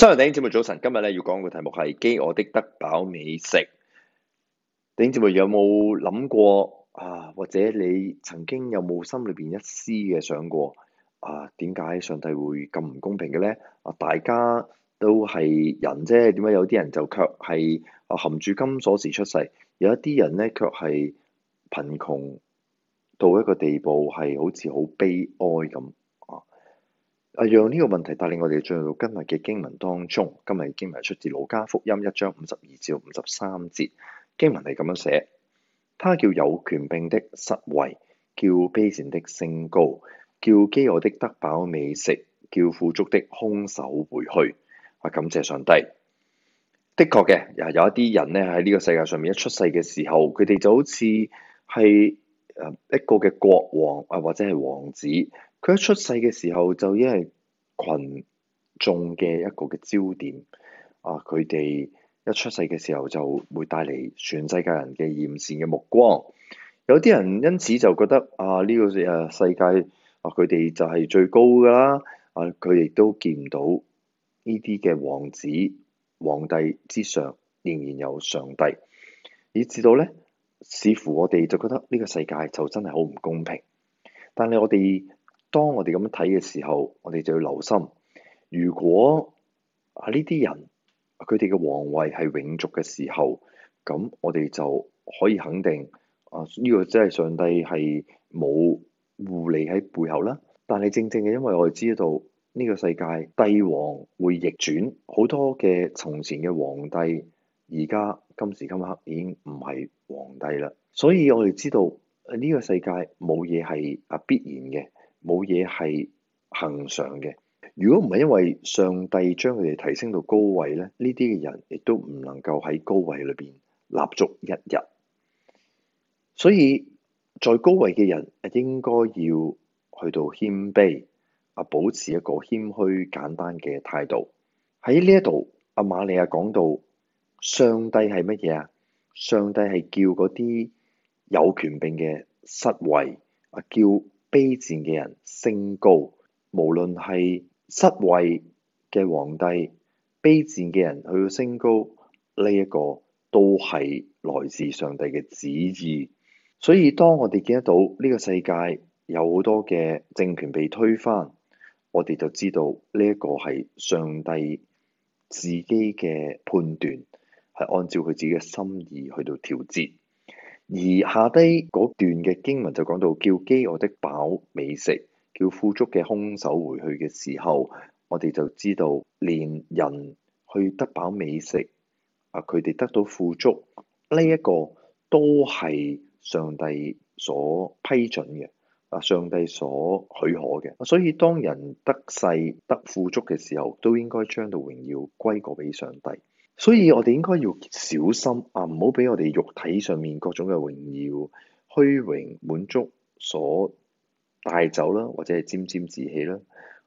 新聞頂節目早晨，今日咧要講嘅題目係飢餓的得飽美食。頂節目有冇諗過啊？或者你曾經有冇心裏邊一絲嘅想過啊？點解上帝會咁唔公平嘅咧？啊，大家都係人啫，點解有啲人就卻係啊含住金鎖匙出世，有一啲人咧卻係貧窮到一個地步，係好似好悲哀咁。啊！讓、這、呢個問題帶領我哋進入到今日嘅經文當中。今日嘅經文出自《路加福音》一章五十二至五十三節，經文係咁樣寫：他叫有權柄的失位，叫卑賤的升高，叫飢餓的得飽美食，叫富足的空手回去。啊！感謝上帝。的確嘅，有一啲人呢，喺呢個世界上面一出世嘅時候，佢哋就好似係一個嘅國王啊，或者係王子。佢一出世嘅時候就因為群眾嘅一個嘅焦點，啊！佢哋一出世嘅時候就會帶嚟全世界人嘅艷羨嘅目光，有啲人因此就覺得啊，呢個誒世界啊，佢哋就係最高㗎啦，啊！佢哋都見唔到呢啲嘅王子皇帝之上，仍然有上帝，以至到呢，似乎我哋就覺得呢個世界就真係好唔公平，但係我哋。當我哋咁樣睇嘅時候，我哋就要留心。如果啊呢啲人佢哋嘅皇位係永續嘅時候，咁我哋就可以肯定啊呢個真係上帝係冇護理喺背後啦。但係正正係因為我哋知道呢個世界帝王會逆轉，好多嘅從前嘅皇帝而家今時今刻已經唔係皇帝啦。所以我哋知道呢個世界冇嘢係啊必然嘅。冇嘢係恒常嘅。如果唔係因為上帝將佢哋提升到高位咧，呢啲嘅人亦都唔能夠喺高位裏邊立足一日。所以在高位嘅人應該要去到謙卑啊，保持一個謙虛簡單嘅態度。喺呢一度，呀，馬利亞講到上帝係乜嘢啊？上帝係叫嗰啲有權柄嘅失位啊，叫卑賤嘅人升高，無論係失位嘅皇帝，卑賤嘅人去到升高，呢一個都係來自上帝嘅旨意。所以當我哋見得到呢個世界有好多嘅政權被推翻，我哋就知道呢一個係上帝自己嘅判斷，係按照佢自己嘅心意去到調節。而下低嗰段嘅經文就講到，叫飢餓的得飽美食，叫富足嘅空手回去嘅時候，我哋就知道，連人去得飽美食，啊，佢哋得到富足呢一個，都係上帝所批准嘅，啊，上帝所許可嘅。所以當人得勢得富足嘅時候，都應該將到榮耀歸過俾上帝。所以我哋應該要小心啊，唔好俾我哋肉體上面各種嘅榮耀、虛榮、滿足所帶走啦，或者係沾沾自喜啦、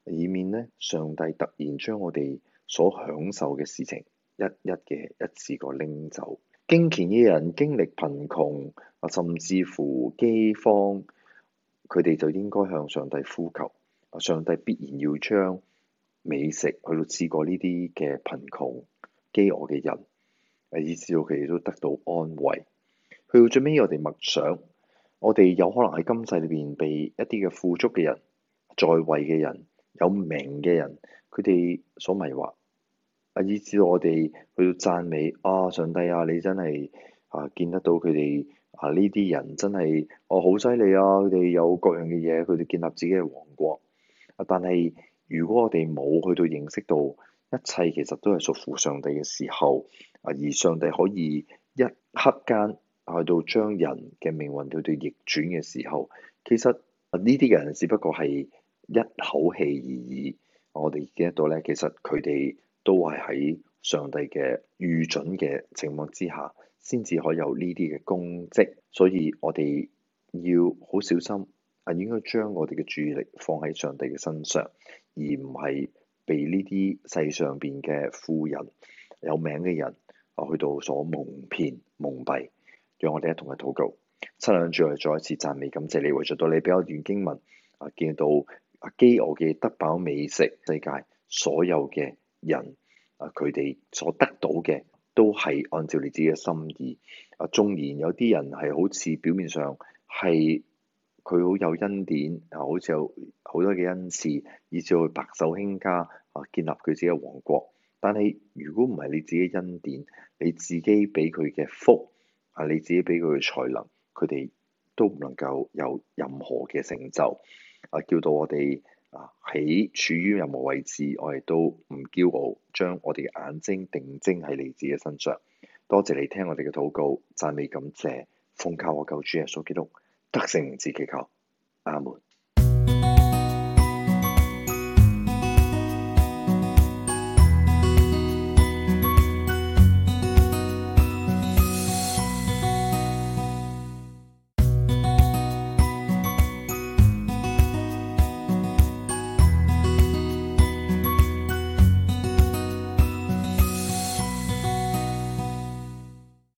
啊，以免呢，上帝突然將我哋所享受嘅事情一一嘅一次過拎走。敬虔嘅人經歷貧窮啊，甚至乎饑荒，佢哋就應該向上帝呼求、啊。上帝必然要將美食去到試過呢啲嘅貧窮。飢餓嘅人，誒，以至到佢哋都得到安慰。去到最尾，我哋默想，我哋有可能喺今世裏邊被一啲嘅富足嘅人，在位嘅人，有名嘅人，佢哋所迷惑，啊，以至我哋去到讚美啊，上帝啊，你真係啊，見得到佢哋啊呢啲人真係哦好犀利啊，佢哋、啊、有各樣嘅嘢，佢哋建立自己嘅王國。啊，但係如果我哋冇去到認識到。一切其實都係屬乎上帝嘅時候，啊！而上帝可以一刻間去到將人嘅命運對對逆轉嘅時候，其實呢啲人只不過係一口氣而已。我哋記得到咧，其實佢哋都係喺上帝嘅預準嘅情況之下，先至可以有呢啲嘅功績。所以我哋要好小心啊，應該將我哋嘅注意力放喺上帝嘅身上，而唔係，被呢啲世上邊嘅富人、有名嘅人啊，去到所蒙騙蒙蔽，讓我哋一同去禱告。七兩最後再一次讚美感謝你，為著到你俾我段經文啊，見到啊飢餓嘅得飽美食世界，所有嘅人啊，佢哋所得到嘅都係按照你自己嘅心意啊。縱然有啲人係好似表面上係佢好有恩典啊，好似有。好多嘅恩賜，以至去白手興家，啊建立佢自己嘅王國。但係如果唔係你自己恩典，你自己俾佢嘅福，啊你自己俾佢嘅才能，佢哋都唔能夠有任何嘅成就。啊叫到我哋啊喺處於任何位置，我哋都唔驕傲，將我哋嘅眼睛定睛喺你自己身上。多謝你聽我哋嘅禱告，讚美感謝，奉靠我救主耶穌基督得勝十字架，阿門。